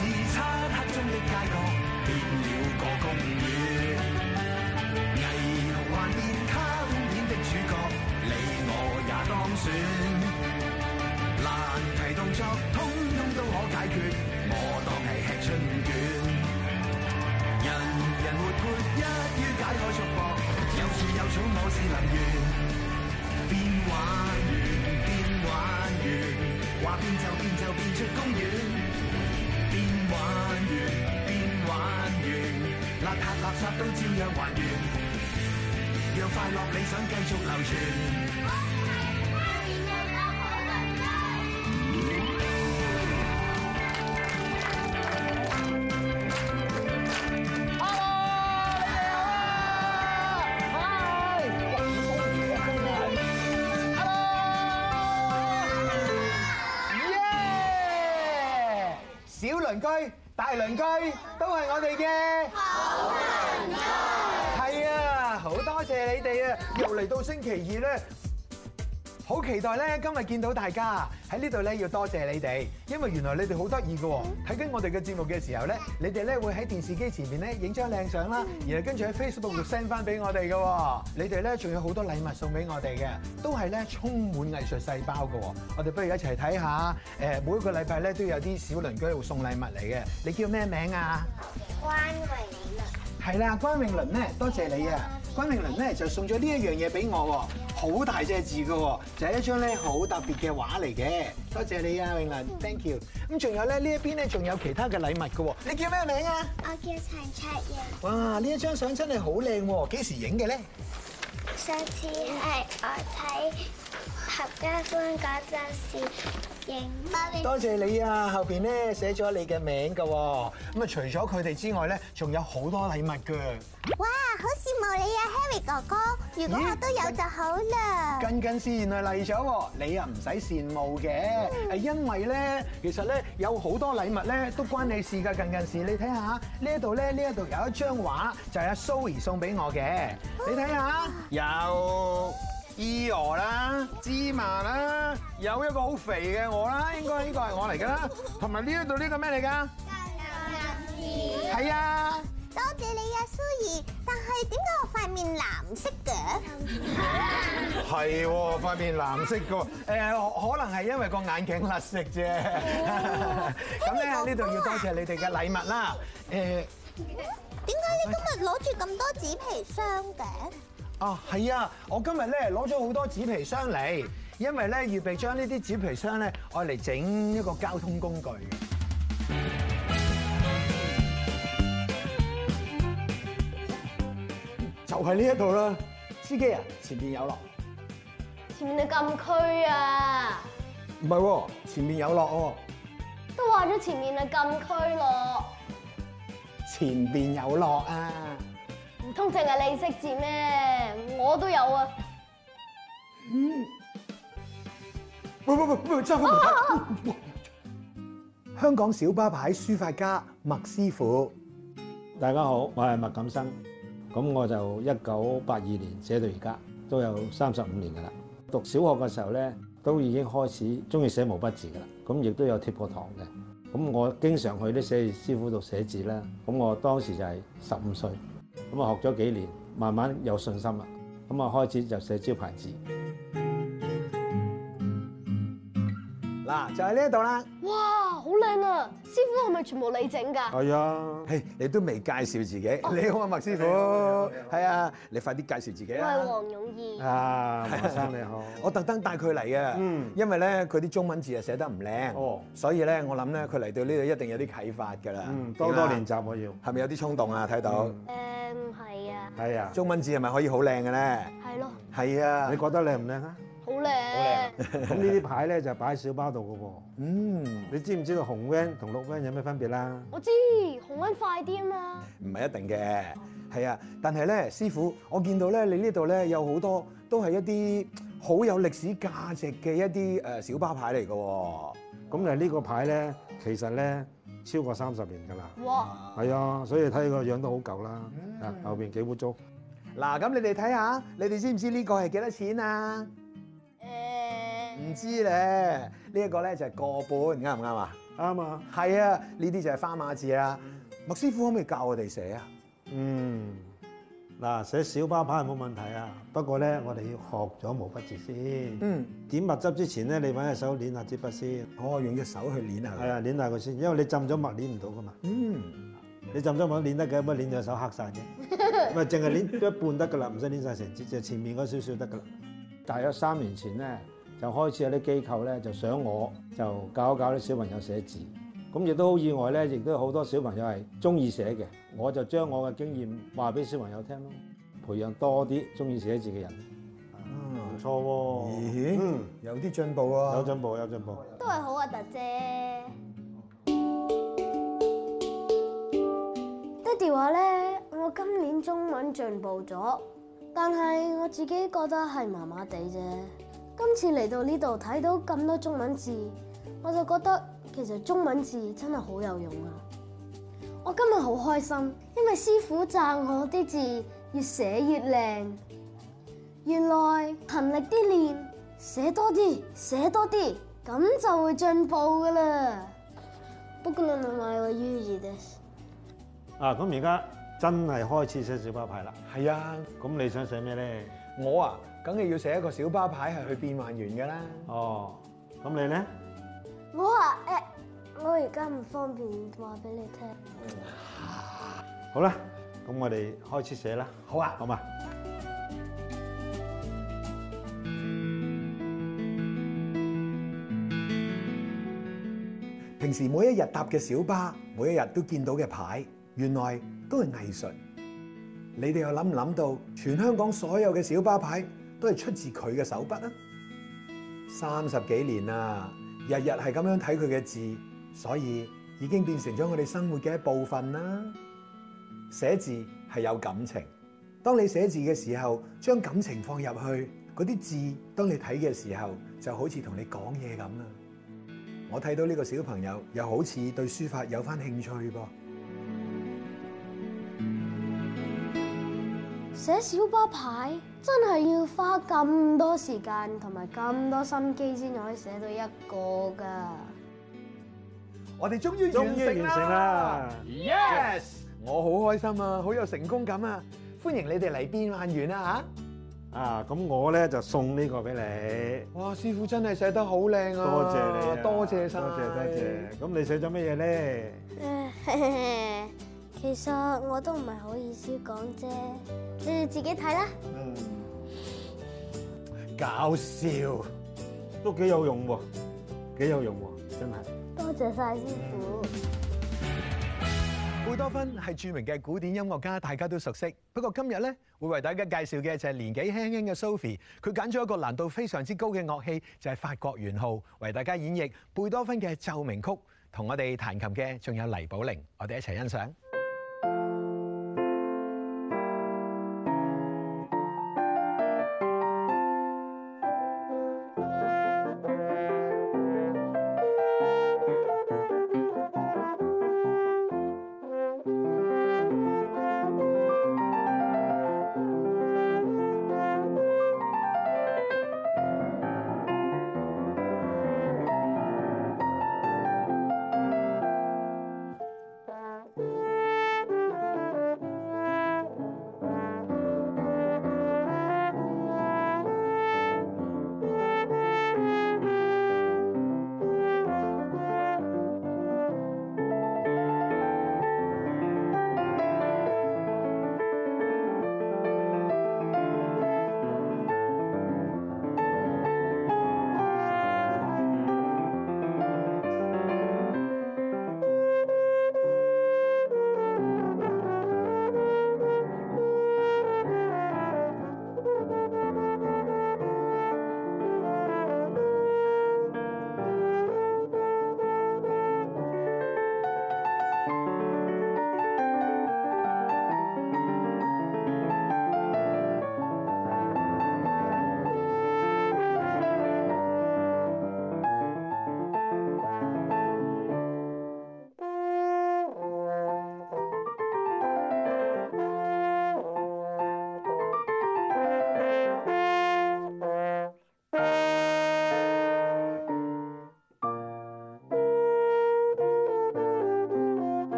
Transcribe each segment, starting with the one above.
自漆黑中的街角，變了個公園。霓虹幻變卡通片的主角，你我也當選。難題動作，通通都可解決，我當係吃春卷。人人活潑，一於解開束縛，有樹有草，我是能圓。變幻變變幻變，話變就變就變出公園。玩完便玩完，邋遢垃圾都照樣還原，讓快樂理想繼續流傳。鄰居，大鄰居都係我哋嘅好朋友。係啊，好多謝你哋啊！又嚟到星期二啦。好期待咧！今日見到大家喺呢度咧，要多謝你哋，因為原來你哋好得意嘅喎。睇緊我哋嘅節目嘅時候咧，你哋咧會喺電視機前面咧影張靚相啦，然後跟住喺 Facebook 度 send 翻俾我哋嘅。你哋咧仲有好多禮物送俾我哋嘅，都係咧充滿藝術細胞嘅。我哋不如一齊睇下。誒，每個禮拜咧都有啲小鄰居會送禮物嚟嘅。你叫咩名啊？關榮麟。係啦，關榮麟咧，多謝你啊！關榮麟咧就送咗呢一樣嘢俾我。好大隻字㗎喎，就係、是、一張咧好特別嘅畫嚟嘅，多謝你啊，永蘭，thank you。咁仲有咧，呢一邊咧，仲有其他嘅禮物㗎喎，你叫咩名啊？我叫陳卓盈。哇，呢一張相真係好靚喎，幾時影嘅咧？上次係我睇，合家歡嗰陣時影，多謝你啊，後邊咧寫咗你嘅名噶。咁啊，除咗佢哋之外咧，仲有好多禮物噶。哇，好羨慕你啊，Harry 哥哥，如果我都有就好啦。近近時原來嚟咗，你啊，唔使羨慕嘅，係因為咧，其實咧有好多禮物咧都關你事噶。近近時，你睇下呢度咧，呢一度有一張畫就係阿 Sue 送俾我嘅，你睇下有。椰螺啦，芝麻啦，有一個好肥嘅我啦，應該呢個係我嚟㗎啦。同埋呢一度呢個咩嚟㗎？係啊，多謝你啊，蘇怡。但係點解我塊面藍色嘅？係喎，塊面藍色嘅。誒，可能係因為個眼鏡甩色啫。咁咧，呢度要多謝你哋嘅禮物啦。誒，點解你今日攞住咁多紙皮箱嘅？啊，係啊！我今日咧攞咗好多紙皮箱嚟，因為咧預備將呢啲紙皮箱咧攞嚟整一個交通工具。就係呢一度啦，司機啊，前面有落。前面係禁區啊！唔係喎，前面有落喎。都話咗前面係禁區落。前面有落啊！唔通淨係你識字咩？我都有啊。唔，唔。香港小巴牌書法家麥師傅，大家好，我係麥錦生。咁我就一九八二年寫到而家，都有三十五年㗎啦。讀小學嘅時候咧，都已經開始中意寫毛筆字㗎啦。咁亦都有貼過堂嘅。咁我經常去啲寫，寫字師傅度寫字啦。咁我當時就係十五歲，咁啊學咗幾年，慢慢有信心啦。咁啊，開始就寫招牌字。嗱，就喺呢一度啦！哇，好靚啊！師傅係咪全部你整㗎？係啊，嘿，你都未介紹自己。你好啊，麥師傅。係啊，你快啲介紹自己啦。我係黃勇義。啊，麥生你好，我特登帶佢嚟嘅，因為咧佢啲中文字啊寫得唔靚，所以咧我諗咧佢嚟到呢度一定有啲啟發㗎啦。嗯，多多練習我要。係咪有啲衝動啊？睇到？誒，唔係啊。係啊，中文字係咪可以好靚嘅咧？係咯。係啊，你覺得靚唔靚啊？好靚，咁、啊、 呢啲牌咧就擺、是、喺小巴度嘅喎。嗯，你知唔知道紅 van 同綠 van 有咩分別啦、啊？我知紅 van 快啲啊嘛。唔係一定嘅，係啊。但係咧，師傅，我見到咧你這裡呢度咧有好多都係一啲好有歷史價值嘅一啲誒小巴牌嚟嘅、啊。咁誒呢個牌咧，其實咧超過三十年㗎啦，係哇啊，所以睇個樣都好舊啦。嗯啊、後邊幾污糟嗱，咁、啊、你哋睇下，你哋知唔知呢個係幾多錢啊？唔知咧，呢、這、一個咧就係個半，啱唔啱啊？啱啊對吧，係啊，呢啲就係花碼字啊。麥師傅可唔可以教我哋寫啊？嗯，嗱，寫小巴牌冇問題啊。不過咧，我哋要學咗毛筆字先。嗯，點墨汁之前咧、哦，你揾隻手捻下支筆先。我用隻手去捻下佢。係啊，捻下佢先，因為你浸咗墨，捻唔到噶嘛。嗯，你浸咗墨，捻得嘅，不過捻隻手黑晒啫。咪係，淨係捻一半得噶啦，唔使捻晒成支，就前面嗰少少得噶啦。大約三年前咧。就開始有啲機構咧，就想我就教一教啲小朋友寫字。咁亦都好意外咧，亦都有好多小朋友係中意寫嘅。我就將我嘅經驗話俾小朋友聽咯，培養多啲中意寫字嘅人。嗯，嗯，唔錯喎，啊，嗯，有啲進步啊。有進步，有進步，都係好核突啫。爹哋話咧，我今年中文進步咗，但係我自己覺得係麻麻地啫。今次嚟到呢度睇到咁多中文字，我就覺得其實中文字真係好有用啊！我今日好開心，因為師傅讚我啲字越寫越靚。原來勤力啲練，寫多啲，寫多啲，咁就會進步噶啦。不過你咪話我 U 字的。啊，咁而家真係開始寫小巴牌啦。係啊，咁你想寫咩咧？我啊。梗係要寫一個小巴牌係去變幻完嘅啦。哦，咁你咧？我話誒，我而家唔方便話俾你聽。好啦，咁我哋開始寫啦。好啊，好嘛。平時每一日搭嘅小巴，每一日都見到嘅牌，原來都係藝術。你哋又諗唔諗到，全香港所有嘅小巴牌？都係出自佢嘅手筆啊！三十幾年啦，日日係咁樣睇佢嘅字，所以已經變成咗我哋生活嘅一部分啦。寫字係有感情，當你寫字嘅時候，將感情放入去，嗰啲字當你睇嘅時候，就好似同你講嘢咁啦。我睇到呢個小朋友又好似對書法有返興趣噃。寫小巴牌真係要花咁多時間同埋咁多心機先可以寫到一個噶。我哋終於完成啦！Yes，我好開心啊，好有成功感啊！歡迎你哋嚟邊萬園啊吓。啊，咁我咧就送呢個俾你。哇，師傅真係寫得好靚啊！多謝你，多謝晒。多謝多謝。咁你寫咗乜嘢咧？其實我都唔係好意思講啫，你自己睇啦。嗯，搞笑都幾有用喎，幾有用喎，真係多謝晒師傅。貝多芬係著名嘅古典音樂家，大家都熟悉。不過今日呢，會為大家介紹嘅就係年紀輕輕嘅 Sophie，佢揀咗一個難度非常之高嘅樂器，就係法國圓號，為大家演繹貝多芬嘅奏鳴曲。同我哋彈琴嘅仲有黎寶玲，我哋一齊欣賞。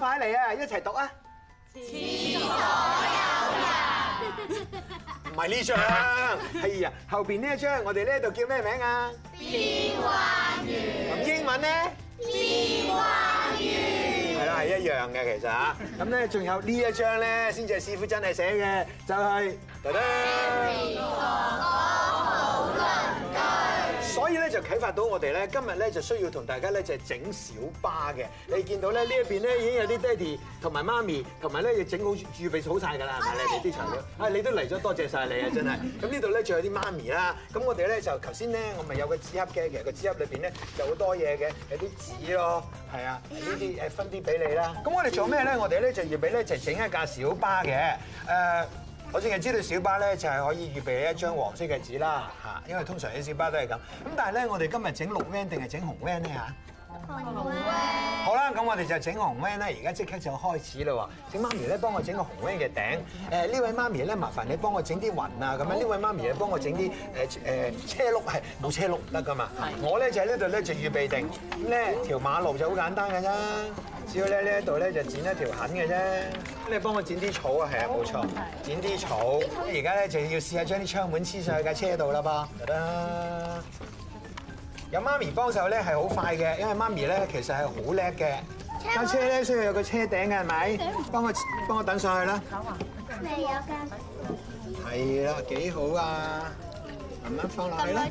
快嚟啊，一齊讀啊！廁所有人，唔係呢張。係啊，後邊呢一張，我哋呢度叫咩名啊？變幻語。咁英文咧？變幻語。係啦，係一樣嘅其實。咁咧，仲有呢一張咧，先至係師傅真係寫嘅，就係。啟發到我哋咧，今日咧就需要同大家咧就係整小巴嘅。你見到咧呢一邊咧已經有啲爹哋同埋媽咪，同埋咧要整好預備好晒㗎啦，係咪咧啲材料？啊，謝謝你都嚟咗，多謝晒你啊，真係！咁呢度咧仲有啲媽咪啦。咁我哋咧就頭先咧，我咪有個紙盒嘅，其實個紙盒裏邊咧就好多嘢嘅，有啲紙咯，係對啊，呢啲誒分啲俾你啦。咁紙盒 我哋做咩咧？我哋咧就要俾咧就係整一架小巴嘅，誒、呃。我淨係知道小巴咧就係可以預備一張黃色嘅紙啦嚇，因為通常啲小巴都係咁。咁但係咧，我哋今日整綠 van 定係整紅 van 咧嚇？哦，紅 van。好啦，咁我哋就整紅 van 啦。而家即刻就開始啦喎。整媽咪咧，幫我整個紅 van 嘅頂。誒呢位媽咪咧，麻煩你幫我整啲雲啊咁樣。呢位媽咪咧，幫我整啲誒誒車轆，係冇車轆唔得噶嘛。係。我咧就喺呢度咧就預備定咁咧條馬路就好簡單㗎啦。只要咧呢一度咧就剪一條痕嘅啫，咁你幫我剪啲草啊，係啊，冇錯，剪啲草。咁而家咧就要試下將啲窗門黐上去架車度啦噃，得。有媽咪幫手咧係好快嘅，因為媽咪咧其實係好叻嘅。架車咧需要有個車頂嘅係咪？幫我幫我等上去啦。未有架。係啦，幾好啊！慢慢放落去啦。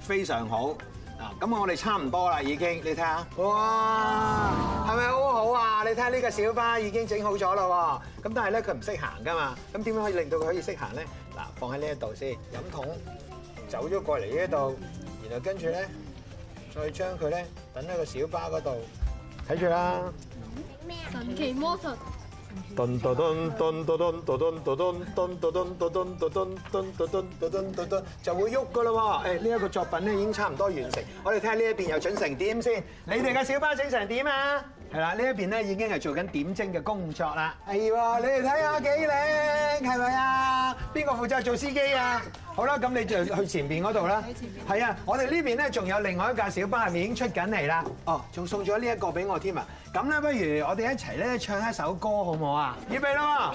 非常好。咁我我哋差唔多啦，已經，你睇下。哇，係咪好好啊？你睇下呢個小巴已經整好咗啦喎。咁但係咧，佢唔識行噶嘛。咁點樣可以令到佢可以識行咧？嗱，放喺呢一度先，飲筒走咗過嚟呢一度，然後跟住咧再將佢咧等喺個小巴嗰度，睇住啦。神奇魔術。噔噔噔噔噔噔噔噔噔噔噔噔噔噔就會喐㗎啦喎！誒，呢一個作品咧已經差唔多完成，我哋睇下呢一邊又整成點先？你哋嘅小巴整成點啊？係啦，呢一邊咧已經係做緊點睛嘅工作啦。係喎，你哋睇下幾靚，係咪啊？邊個負責做司機啊？好啦，咁你就去前邊嗰度啦。係啊，我哋呢邊咧仲有另外一架小巴入面已經出緊嚟啦。哦，仲送咗呢一個俾我添啊。咁咧，不如我哋一齊咧唱一首歌好唔好啊？準備啦！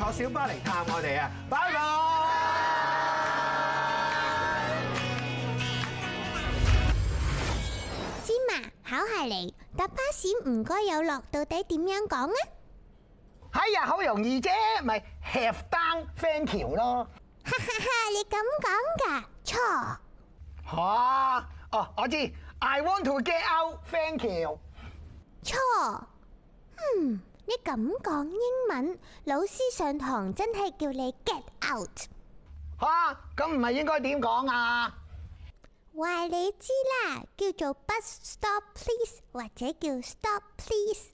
坐小巴嚟探我哋啊，拜拜！芝麻考下嚟搭巴士唔該有落，到底點樣講啊？哎呀，好容易啫，咪 have down thank you 咯。哈哈哈，你咁講噶？錯。吓，哦，我知，I want to get out thank you。錯。嗯。你咁講英文，老師上堂真係叫你 get out。吓，咁唔係應該點講啊？話你知啦，叫做 bus stop please，或者叫 stop please。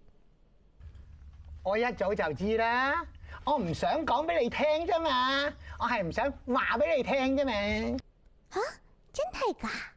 我一早就知啦，我唔想講俾你聽啫嘛，我係唔想話俾你聽啫嘛。吓，真係噶？